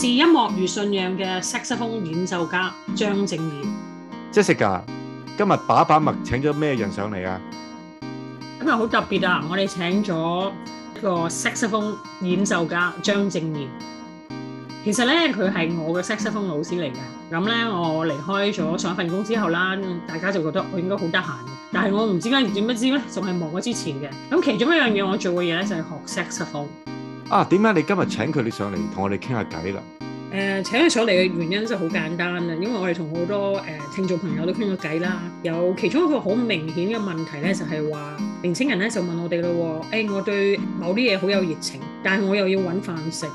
是音樂如信仰嘅薩克斯風演奏家張正賢，即係食噶！今日把把脈請咗咩人上嚟啊？今日好特別啊！我哋請咗一個薩克斯風演奏家張正賢。其實咧，佢係我嘅薩克斯風老師嚟嘅。咁咧，我離開咗上一份工之後啦，大家就覺得我應該好得閒。但係我唔知點解點不知咧，仲係忙過之前嘅。咁其中一樣嘢我做嘅嘢咧，就係、是、學薩克斯風。啊，點解你今日請佢哋上嚟同我哋傾下偈啦？誒、呃，請佢上嚟嘅原因就好簡單啦，因為我哋同好多誒、呃、聽眾朋友都傾過偈啦。有其中一個好明顯嘅問題咧，就係、是、話年青人咧就問我哋咯，誒、欸，我對某啲嘢好有熱情，但係我又要搵飯食，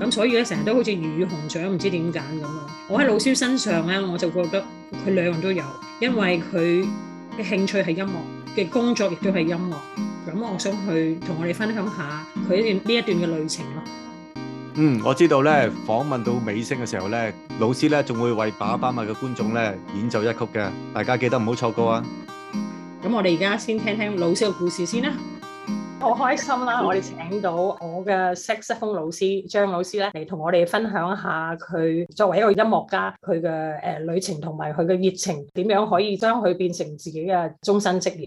咁所以咧成日都好似魚與熊掌唔知點揀咁樣。我喺老蕭身上咧，我就覺得佢兩樣都有，因為佢嘅興趣係音樂，嘅工作亦都係音樂。咁我想去同我哋分享下佢呢一段嘅旅程咯。嗯，我知道咧，訪問到尾聲嘅時候咧，老師咧仲會為把把脈嘅觀眾咧演奏一曲嘅，大家記得唔好錯過啊！咁我哋而家先聽聽老師嘅故事先啦。好開心啦！我哋請到我嘅薩克斯風老師張老師咧嚟，同我哋分享一下佢作為一個音樂家佢嘅誒旅程同埋佢嘅熱情點樣可以將佢變成自己嘅終身職業。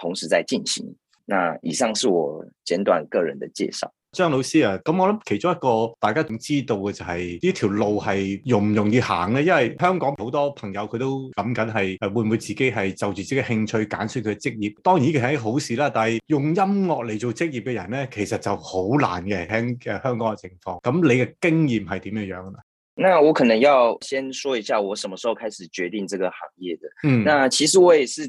同時在進行。那以上是我簡短個人的介紹。張老師啊，咁我諗其中一個大家想知道嘅就係呢條路係容唔容易行咧？因為香港好多朋友佢都諗緊係誒會唔會自己係就住自己興趣揀出佢嘅職業。當然呢個係好事啦，但係用音樂嚟做職業嘅人呢，其實就好難嘅。聽香港嘅情況，咁你嘅經驗係點樣樣啊？那我可能要先說一下我什麼時候開始決定這個行業嘅。嗯，那其實我也是。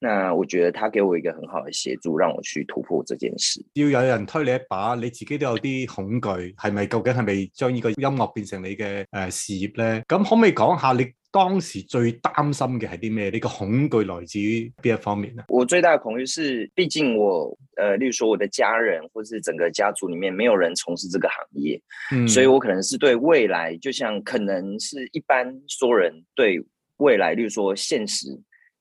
那我覺得他給我一個很好的協助，讓我去突破這件事。要有人推你一把，你自己都有啲恐懼，係咪？究竟係咪將呢個音樂變成你嘅誒、呃、事業呢？咁可唔可以講下你當時最擔心嘅係啲咩？你、這個恐懼來自於邊一方面呢？我最大嘅恐懼是，畢竟我、呃、例如說我的家人或是整個家族裏面沒有人從事這個行業，嗯、所以我可能是對未來，就像可能是一般所有人對未來，例如說現實。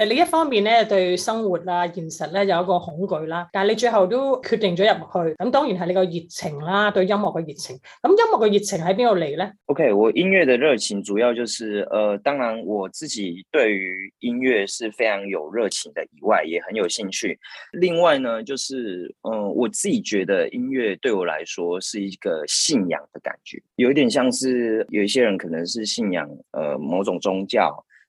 誒，另一方面咧對生活啦、啊、現實咧、啊、有一個恐懼啦，但係你最後都決定咗入去，咁當然係你個熱情啦，對音樂嘅熱情。咁音樂嘅熱情喺邊度嚟咧？OK，我音樂嘅熱情主要就是，誒、呃，當然我自己對於音樂是非常有熱情嘅，以外也很有興趣。另外呢，就是，嗯、呃，我自己覺得音樂對我來說是一個信仰嘅感覺，有一點像是，有一些人可能是信仰，呃、某種宗教。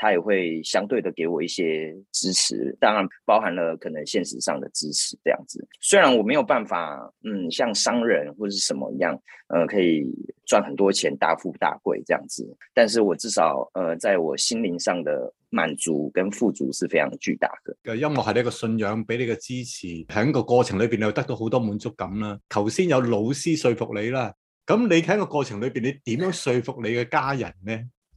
他也會相對的給我一些支持，當然包含了可能現實上的支持，這樣子。雖然我沒有辦法，嗯，像商人或者是什麼一樣，呃，可以賺很多錢，大富大貴這樣子。但是我至少，呃，在我心靈上的滿足跟富足是非常巨大的。嘅音樂係你一個信仰，俾你嘅支持，喺個過程裏邊你又得到好多滿足感啦。頭先有老師說服你啦，咁你喺個過程裏邊，你點樣說服你嘅家人呢？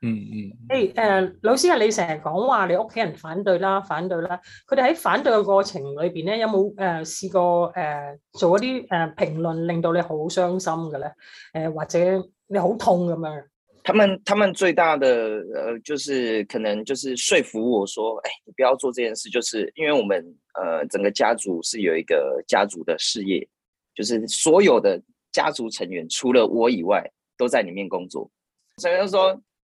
嗯嗯，誒、嗯、誒，Hey, uh, 老師啊，你成日講話你屋企人反對啦，反對啦，佢哋喺反對嘅過程裏邊咧，有冇誒試過誒、呃、做一啲誒評論，令到你好傷心嘅咧？誒、呃、或者你好痛咁樣？他們他們最大的誒、呃，就是可能就是說服我說，誒你不要做這件事，就是因為我們誒、呃、整個家族是有一個家族的事業，就是所有的家族成員，除了我以外，都在裏面工作，所以就說。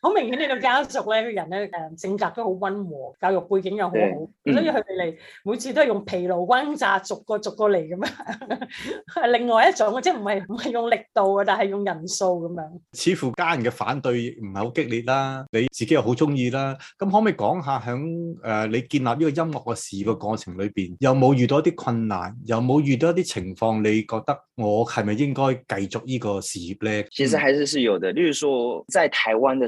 好明顯呢個家族咧，啲人咧，誒，性格都好溫和，教育背景又好好，嗯、所以佢哋嚟，每次都係用疲勞轟炸，逐個逐個嚟咁樣，係 另外一種，即係唔係唔係用力度啊，但係用人數咁樣。似乎家人嘅反對唔係好激烈啦，你自己又好中意啦，咁可唔可以講下響誒，你建立呢個音樂嘅事業嘅過程裏邊，有冇遇到一啲困難，有冇遇到一啲情況，你覺得我係咪應該繼續呢個事業咧？其實還是是有的，例如說在台灣嘅。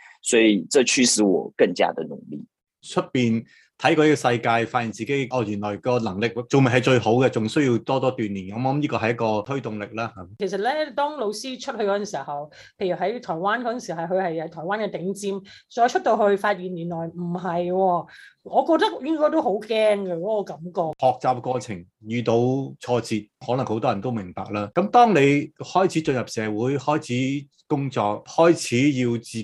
所以，這驅使我更加的努力。出邊睇過呢個世界，發現自己哦，原來個能力仲未係最好嘅，仲需要多多鍛煉。我諗呢個係一個推動力啦。其實咧，當老師出去嗰陣時候，譬如喺台灣嗰陣時，係佢係喺台灣嘅頂尖，再出到去，發現原來唔係喎。我覺得應該都好驚嘅嗰個感覺。學習過程遇到挫折，可能好多人都明白啦。咁當你開始進入社會，開始工作，開始要自己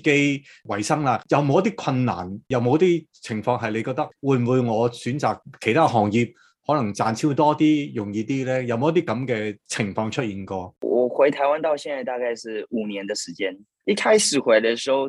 維生啦，有冇一啲困難？有冇啲情況係你覺得會唔會我選擇其他行業可能賺超多啲，容易啲呢？有冇一啲咁嘅情況出現過？我回台灣到現在大概是五年嘅時間。一開始回嚟嘅時候，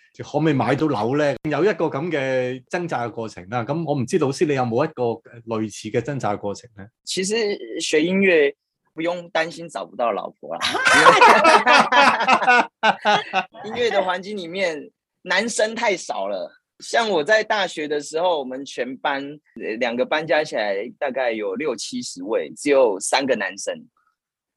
可唔可以買到樓呢？有一個咁嘅掙扎嘅過程啦。咁我唔知老師你有冇一個類似嘅掙扎嘅過程呢？其實學音樂不用擔心找不到老婆啦。 音樂的環境裏面男生太少了。像我在大學的時候，我們全班兩個班加起來大概有六七十位，只有三個男生。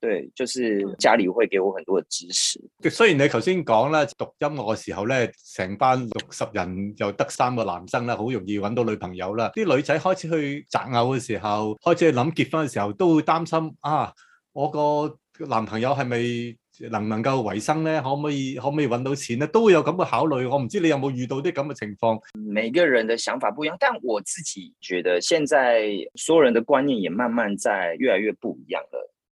對，就是家裏會給我很多的支持。雖然你頭先講啦，讀音樂嘅時候咧，成班六十人又得三個男生啦，好容易搵到女朋友啦。啲女仔開始去擇偶嘅時候，開始諗結婚嘅時候，都會擔心啊，我個男朋友係咪能唔能夠維生咧？可唔可以可唔可以搵到錢咧？都會有咁嘅考慮。我唔知你有冇遇到啲咁嘅情況。每個人嘅想法不一樣，但我自己覺得，現在所有人的觀念也慢慢在越來越不一樣啦。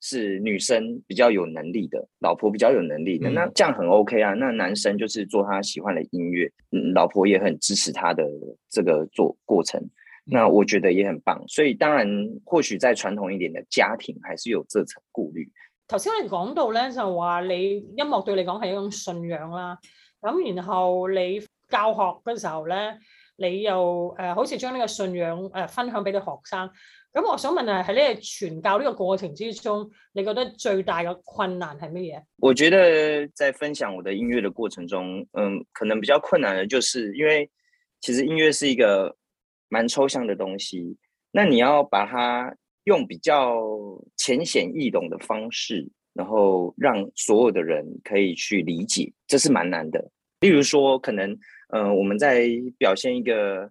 是女生比較有能力的，老婆比較有能力的，嗯、那這樣很 OK 啊。那男生就是做他喜歡的音樂，嗯，老婆也很支持他的這個做過程。那我覺得也很棒。所以當然，或許在傳統一點的家庭，還是有這層顧慮。頭先你講到咧，就話你音樂對你講係一種信仰啦。咁然後你教學嘅時候咧，你又誒、呃、好似將呢個信仰誒、呃、分享俾啲學生。咁我想問啊，喺呢個傳教呢個過程之中，你覺得最大嘅困難係乜嘢？我覺得在分享我的音樂的過程中，嗯，可能比較困難嘅，就是因為其實音樂是一個蠻抽象嘅東西，那你要把它用比較淺顯易懂的方式，然後讓所有的人可以去理解，這是蠻難的。例如說，可能，嗯、呃，我們在表現一個。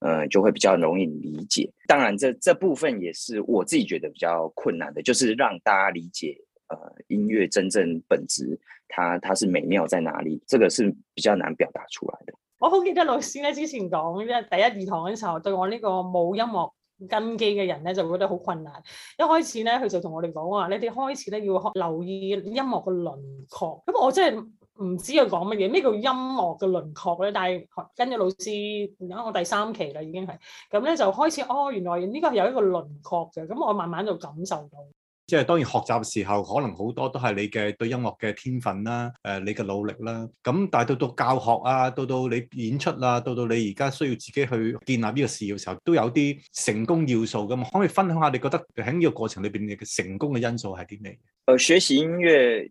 嗯、呃，就會比較容易理解。當然這，這這部分也是我自己覺得比較困難的，就是讓大家理解，呃、音樂真正本質，它它是美妙在哪裏？這個是比較難表達出來的。我好記得老師咧之前講，即係第一二堂嘅時候，對我呢個冇音樂根基嘅人咧，就會覺得好困難。一開始咧，佢就同我哋講話，你哋開始咧要留意音樂嘅輪廓。咁我真係。唔知佢講乜嘢，咩叫音樂嘅輪廓咧？但係跟住老師，我第三期啦已經係，咁咧就開始哦，原來呢個係有一個輪廓嘅，咁我慢慢就感受到。即係當然學習嘅時候，可能好多都係你嘅對音樂嘅天分啦，誒、呃、你嘅努力啦。咁但係到到教學啊，到到你演出啊，到到你而家需要自己去建立呢個事業嘅時候，都有啲成功要素嘅嘛。可以分享下你覺得喺呢個過程裏邊你嘅成功嘅因素係啲咩嘢？誒，學習音樂。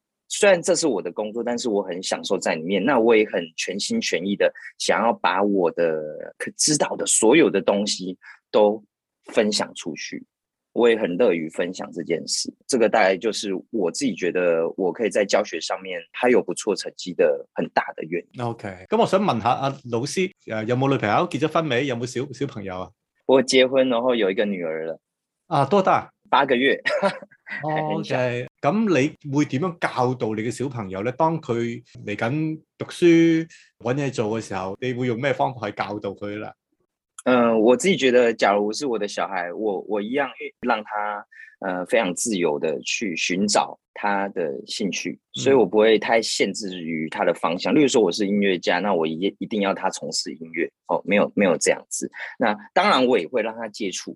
雖然這是我的工作，但是我很享受在裏面。那我也很全心全意的想要把我的可知道的所有的東西都分享出去。我也很樂於分享這件事。這個大概就是我自己覺得我可以在教學上面還有不錯成績的很大的原因。OK，咁、嗯、我想問下阿老師，有冇女朋友？結咗婚未？有冇小小朋友啊？我結婚然後有一個女兒了。啊，多大？八個月。Oh, okay. 咁你會點樣教導你嘅小朋友呢？當佢嚟緊讀書揾嘢做嘅時候，你會用咩方法去教導佢啦？嗯、呃，我自己覺得，假如是我的小孩，我我一樣讓佢，呃，非常自由的去尋找他的興趣，嗯，所以我不會太限制於他的方向。例如說，我是音樂家，那我一一定要他從事音樂，哦，沒有沒有這樣子。那當然我也會讓他接觸。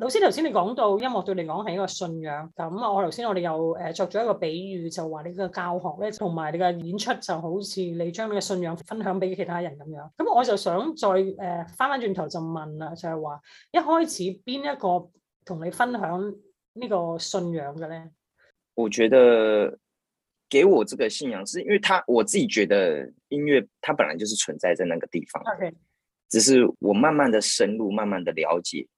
老師頭先你講到音樂對你講係一個信仰，咁啊，我頭先我哋又誒作咗一個比喻，就話你嘅教學咧，同埋你嘅演出就好似你將你嘅信仰分享俾其他人咁樣。咁我就想再誒返、呃、返轉頭就問啦，就係、是、話一開始邊一個同你分享呢個信仰嘅咧？我覺得給我這個信仰，是因為他我自己覺得音樂，它本來就是存在在那個地方。OK，只是我慢慢的深入，慢慢的了解。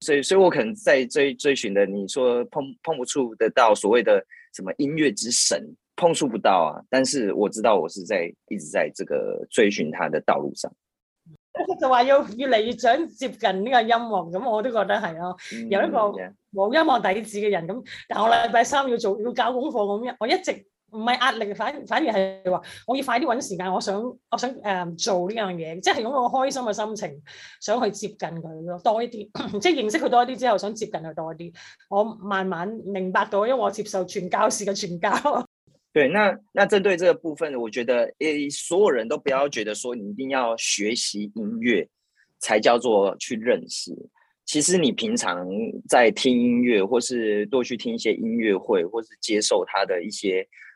所以，所以我可能在追追尋的，你說碰碰不觸得到所謂的什麼音樂之神，碰觸不到啊。但是我知道我是在一直在這個追尋他的道路上。就話要越嚟越想接近呢個音樂，咁我都覺得係咯、啊。嗯、有一個冇音樂底子嘅人，咁但我禮拜三要做要搞功課咁樣，我一直。唔係壓力，反反而係話，我要快啲揾時間，我想，我想誒、呃、做呢樣嘢，即係用個開心嘅心情，想去接近佢咯，多一啲， 即係認識佢多一啲之後，想接近佢多一啲。我慢慢明白到，因為我接受傳教士嘅傳教。對，那那針對這個部分，我覺得誒，所有人都不要覺得說你一定要學習音樂，才叫做去認識。其實你平常在聽音樂，或是多去聽一些音樂會，或是接受他的一些。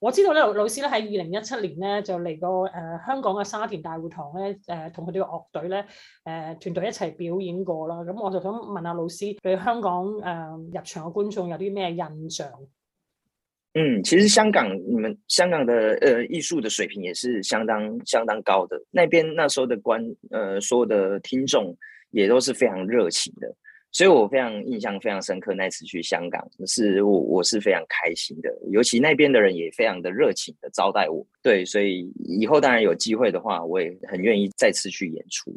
我知道咧，老老師咧喺二零一七年咧就嚟過誒香港嘅沙田大會堂咧誒同佢哋樂隊咧誒、呃、團隊一齊表演過啦。咁我就想問下老師，對香港誒、呃、入場嘅觀眾有啲咩印象？嗯，其實香港，你們香港嘅誒、呃、藝術嘅水平也是相當相當高嘅。那邊那時候嘅觀，誒、呃、所有的聽眾也都是非常熱情嘅。所以我非常印象非常深刻，那次去香港，是我我是非常開心的，尤其那邊的人也非常的熱情地招待我。對，所以以後當然有機會的話，我也很願意再次去演出。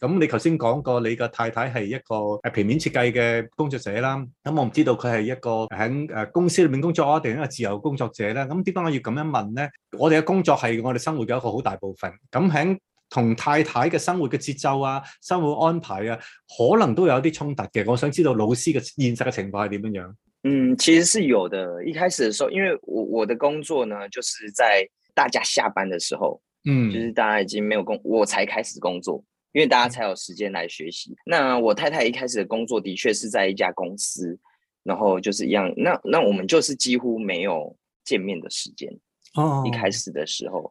咁你頭先講過你嘅太太係一個誒平面設計嘅工作者啦，咁我唔知道佢係一個喺誒公司裏面工作啊，定係一個自由工作者咧？咁點解我要咁樣問咧？我哋嘅工作係我哋生活嘅一個好大部分。咁喺同太太嘅生活嘅節奏啊，生活安排啊，可能都有一啲衝突嘅。我想知道老師嘅現實嘅情況係點樣樣？嗯，其實是有嘅。一開始嘅時候，因為我我的工作呢，就是在大家下班嘅時候，嗯，就是大家已經沒有工，我才開始工作，因為大家才有時間來學習。嗯，那我太太一開始嘅工作的確是在一家公司，然後就是一樣，那那我們就是幾乎沒有見面嘅時間。哦，一開始嘅時候。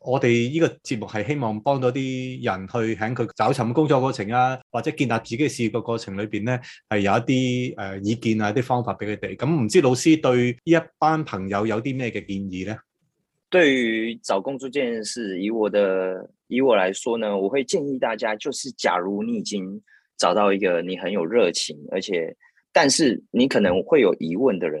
我哋呢個節目係希望幫到啲人去喺佢找尋工作過程啊，或者建立自己嘅事業嘅過程裏邊呢，係有一啲誒、呃、意見啊，一啲方法俾佢哋。咁、嗯、唔知老師對呢一班朋友有啲咩嘅建議呢？對於找工作件事，以我嘅以我來說呢，我會建議大家，就是假如你已經找到一個你很有熱情，而且但是你可能會有疑問嘅人。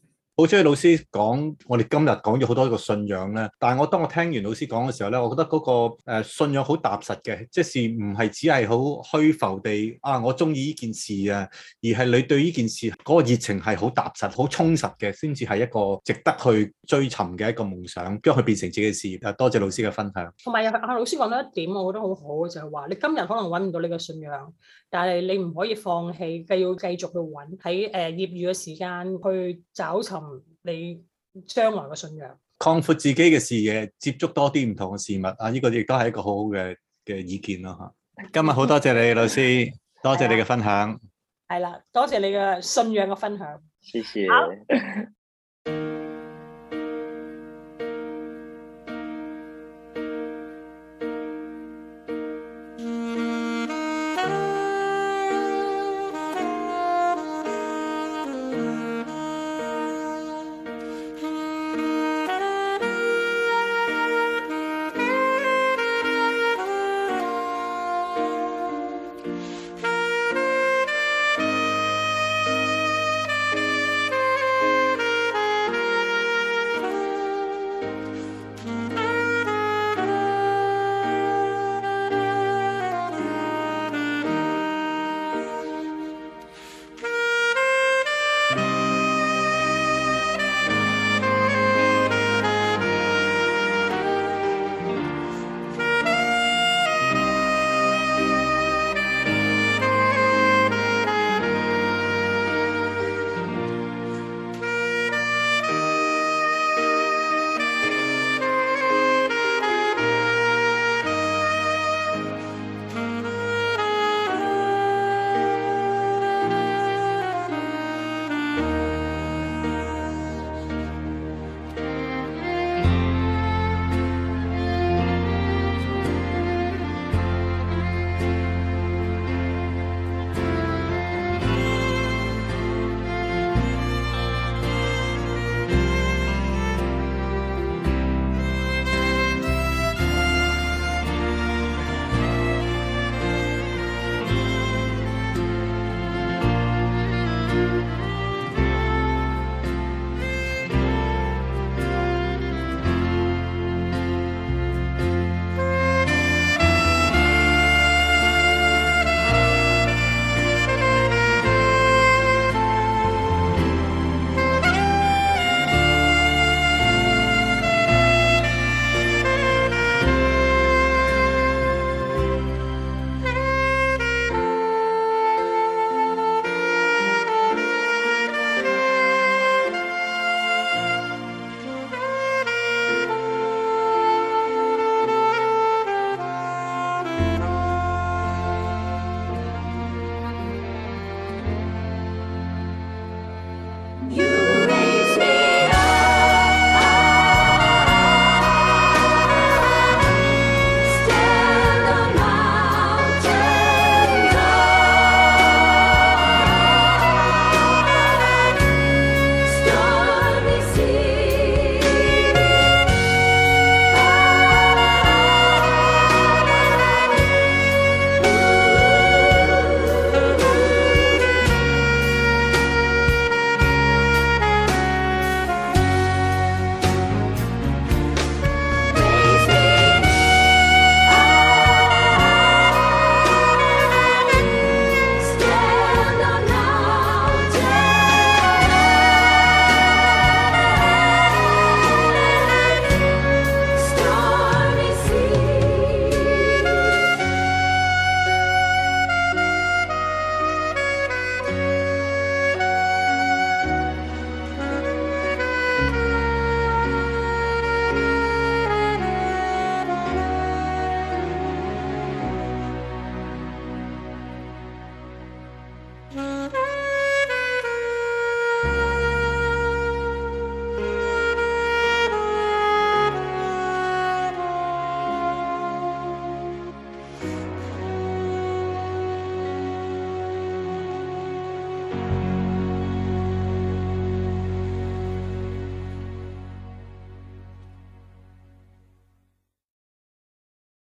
好，所以老師講，我哋今日講咗好多一個信仰咧。但係我當我聽完老師講嘅時候咧，我覺得嗰個誒信仰好踏實嘅，即是唔係只係好虛浮地啊，我中意呢件事啊，而係你對呢件事嗰個熱情係好踏實、好充實嘅，先至係一個值得去追尋嘅一個夢想，將佢變成自己嘅事業。誒，多謝老師嘅分享。同埋啊，老師講到一點，我覺得好好就係話，你今日可能搵唔到你嘅信仰，但係你唔可以放棄，繼要繼續去搵喺誒業餘嘅時間去找尋。你將來嘅信仰，擴闊自己嘅視野，接觸多啲唔同嘅事物啊！呢個亦都係一個好好嘅嘅意見囉，吓。今日好多謝你 老師，多謝你嘅分享。係啦，多謝你嘅信仰嘅分享。謝謝。好